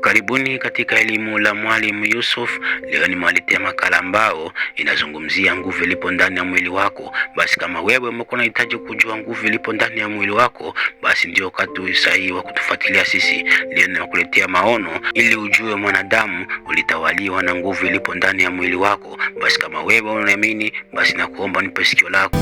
Karibuni katika elimu la Mwalimu Yusuf. Leo nimewaletea makala ambao inazungumzia nguvu ilipo ndani ya mwili wako. Basi kama wewe umekuwa unahitaji kujua nguvu ilipo ndani ya mwili wako, basi ndio wakati sahihi wa kutufuatilia sisi. Leo nimekuletea maono ili ujue mwanadamu ulitawaliwa na nguvu ilipo ndani ya mwili wako. Basi kama wewe unaamini, basi nakuomba nipe sikio lako.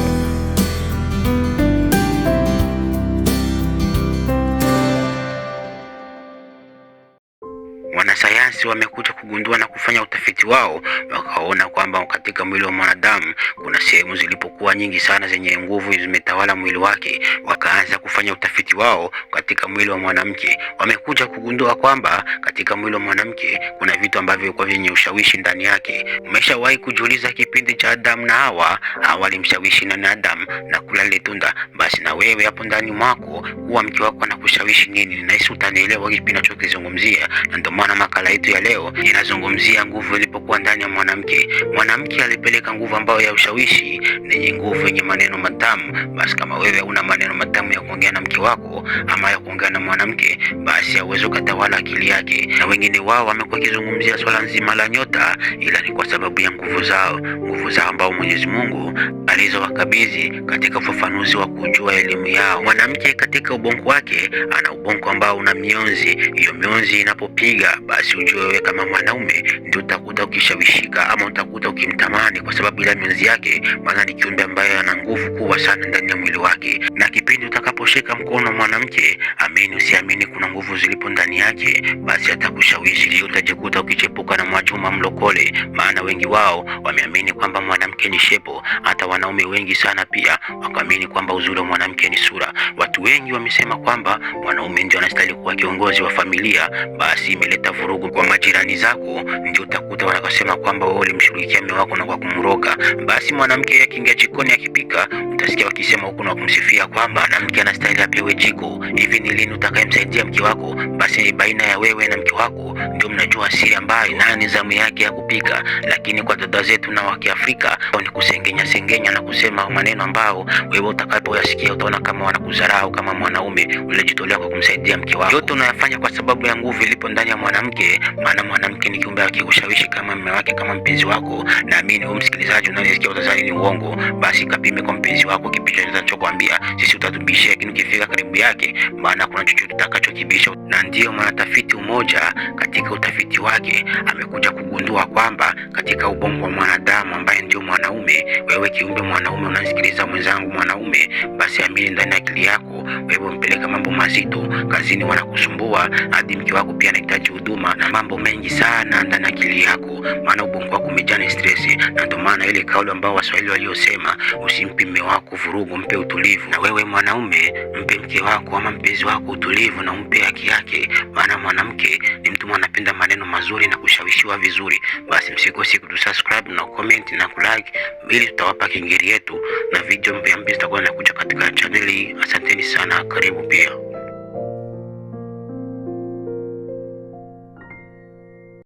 sayansi wamekuja kugundua na kufanya utafiti wao, wakaona kwamba katika mwili wa mwanadamu kuna sehemu zilipokuwa nyingi sana zenye nguvu zimetawala mwili wake. Wakaanza kufanya utafiti wao katika mwili wa mwanamke, wamekuja kugundua kwamba katika mwili wa mwanamke kuna vitu ambavyo vilikuwa vyenye ushawishi ndani yake. Umeshawahi kujiuliza kipindi cha Adamu na Hawa, walimshawishi nani Adamu na kula lile tunda? Basi na wewe hapo ndani mwako huwa mke wako anakushawishi nini? Nahisi utanielewa kipi nachokizungumzia, na ndio maana makala yetu ya leo inazungumzia nguvu ilipokuwa ndani ya mwanamke. Mwanamke alipeleka nguvu ambayo ya ushawishi, yenye nguvu, yenye maneno matamu. Basi kama wewe una maneno matamu ya kuongea na mke wako ama ya kuongea na mwanamke, basi hauwezi ukatawala akili yake. Na wengine wao wamekuwa wakizungumzia swala nzima la nyota, ila ni kwa sababu ya nguvu zao, nguvu zao ambao Mwenyezi Mungu alizowakabidhi katika ufafanuzi wa kujua elimu yao. Mwanamke katika ubongo wake ana ubongo ambao una mionzi, hiyo mionzi inapopiga basi ujua wewe kama mwanaume ndio utakuta ukishawishika ama utakuta ukimtamani, kwa sababu ile mionzi yake, maana ni kiumbe ambaye ana nguvu kubwa sana ndani ya mwili wake, na kipindi utakapo kushika mkono mwanamke, amini usiamini, kuna nguvu zilipo ndani yake, basi atakushawishi. ili Utajikuta ukichepuka na mwachuma mlokole, maana wengi wao wameamini kwamba mwanamke ni shepo. Hata wanaume wengi sana pia wakaamini kwamba uzuri wa mwanamke ni sura. Watu wengi wamesema kwamba mwanaume ndio anastahili kuwa kiongozi wa familia, basi imeleta vurugu kwa majirani zako, ndio utakuta wanakasema kwamba wewe ulimshughulikia mume wako na kwa kumroga. Basi mwanamke akiingia jikoni akipika, utasikia wakisema huko na kumsifia kwamba mwanamke ana style ya piwe jiko. Hivi ni lini utakayemsaidia mke wako? Basi ni baina ya wewe na mke wako, ndio mnajua siri ambayo nayo ni zamu yake ya kupika. Lakini kwa dada zetu na wa Kiafrika ni kusengenya sengenya na kusema maneno ambayo wewe utakapoyasikia utaona kama wanakudharau kama mwanaume uliyejitolea kwa kumsaidia mke wako. Yote unayafanya kwa sababu ya nguvu ilipo ndani ya mwanamke, maana mwanamke ni kiumbe akikushawishi kama mume wake, kama mpenzi wako. Naamini wewe msikilizaji unayesikia utazani ni uongo, basi kapime kwa mpenzi wako kipi chochote ninachokuambia. Sisi utatubishia ukifika karibu yake, maana kuna chochote utakachokibisha. Na ndiyo mwanatafiti mmoja katika utafiti wake amekuja kugundua kwamba katika ubongo wa mwanadamu ambaye ndio mwanaume, wewe kiumbe mwanaume unasikiliza mwenzangu mwanaume, basi amini ndani ya akili yako wewe mpeleka mambo mazito, kazini wanakusumbua, hadi mke wako pia anahitaji huduma na mambo mengi sana ndani ya akili yako maana ubongo wako umejaa na stress. Na ndio maana ile kauli ambayo Waswahili waliosema, usimpe mme wako vurugu, mpe utulivu. Na wewe mwanaume, mpe mke wako ama mpenzi wako utulivu na umpe haki yake, maana mwanamke ni mtu anapenda maneno mazuri na kushawishiwa vizuri. Basi msikose kutusubscribe na comment na kulike, ili tutawapa kingeri yetu na video mpya mpya zitakuwa zinakuja katika chaneli. Asanteni sana, karibu pia.